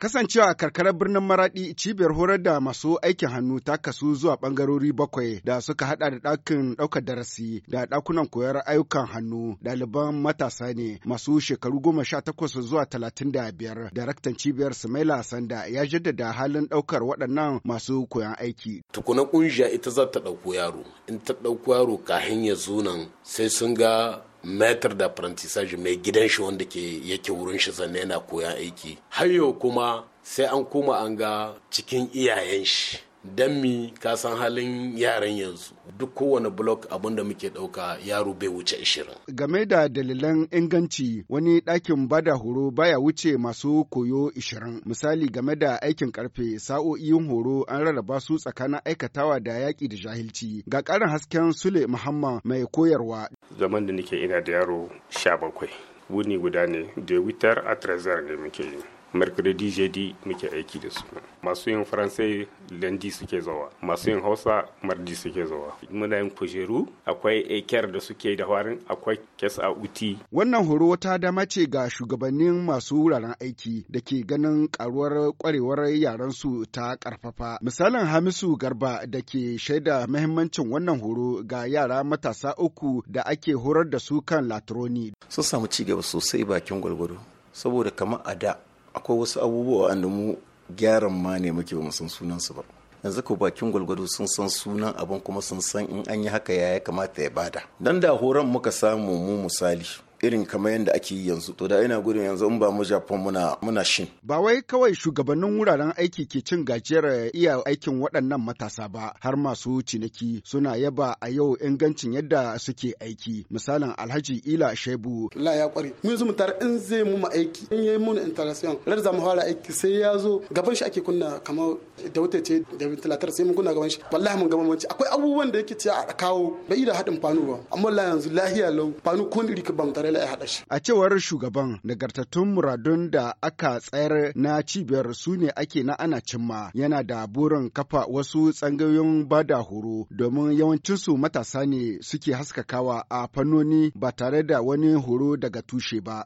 Kasancewa a karkarar birnin Maraɗi cibiyar horar da masu aikin hannu ta kasu zuwa bangarori bakwai da suka hada da ɗakin ɗaukar darasi da ɗakunan koyar ayyukan hannu ɗaliban matasa ne masu shekaru goma sha takwas zuwa talatin da biyar. Daraktan cibiyar Sumaila Sanda ya jaddada halin ɗaukar waɗannan masu koyan aiki. Tukunan ƙungiya ita za ta ɗauko yaro in ta ɗauko yaro kahin ya zo nan sai sun ga metar da apprentissage mai gidan shi wanda ke yake wurin shi sannan yana koyan aiki har yau kuma sai an koma an ga cikin iyayen shi dan mi ka san halin yaran yanzu duk kowane blok abin da muke ɗauka yaro bai wuce 20. game da dalilan inganci wani ɗakin bada horo baya wuce masu koyo ishirin misali game da aikin karfe sa'o'in horo an rarraba su tsakanin aikatawa da yaƙi da jahilci ga ƙarin hasken sule muhammad mai koyarwa zaman da nake ina da yaro 17 wuni guda ne da wutar a ne muke yi mercredi jeudi muke aiki da su masu yin faransai lundi suke zawa masu yin hausa mardi suke zawa muna yin kujeru akwai ekiyar da suke da warin akwai kes a uti wannan horo wata dama ce ga shugabannin masu wuraren aiki da ke ganin karuwar kwarewar yaran su ta karfafa misalin hamisu garba da ke shaida mahimmancin wannan horo ga yara matasa uku da ake horar da su kan latroni sun samu ci gaba sosai bakin gwalgwado saboda kamar a da akwai wasu abubuwa wanda mu gyaran ma ne muke ba mu san sunan su ba yanzu ko bakin gwalgwado sun san sunan abin kuma sun san in an yi haka ya kamata ya bada dan da horon muka samu mu misali irin kamar yadda ake yi yanzu to da ina gudun yanzu in ba mu Japan muna muna shin ba wai kawai shugabannin wuraren aiki ke cin gajiyar iya aikin waɗannan matasa ba har masu ciniki suna yaba a yau ingancin yadda suke aiki misalin Alhaji Ila Shebu la ya kware mun zumu tar in zai mu aiki in yayi mun interaction rar mu fara aiki sai ya zo gaban shi ake kunna kamar da wuta ce da ventilator sai mun kunna gaban shi wallahi mun gaban wanci akwai abubuwan da yake ci a kawo bai da haɗin fanu ba amma la yanzu lahiya lau fanu ko iri ka tare dole haɗa shi. A cewar shugaban nagartattun muradun da aka tsayar na cibiyar su ne ake na ana cimma yana da burin kafa wasu tsangayoyin bada horo domin yawancinsu matasa ne suke haskakawa a fannoni ba tare da wani horo daga tushe ba.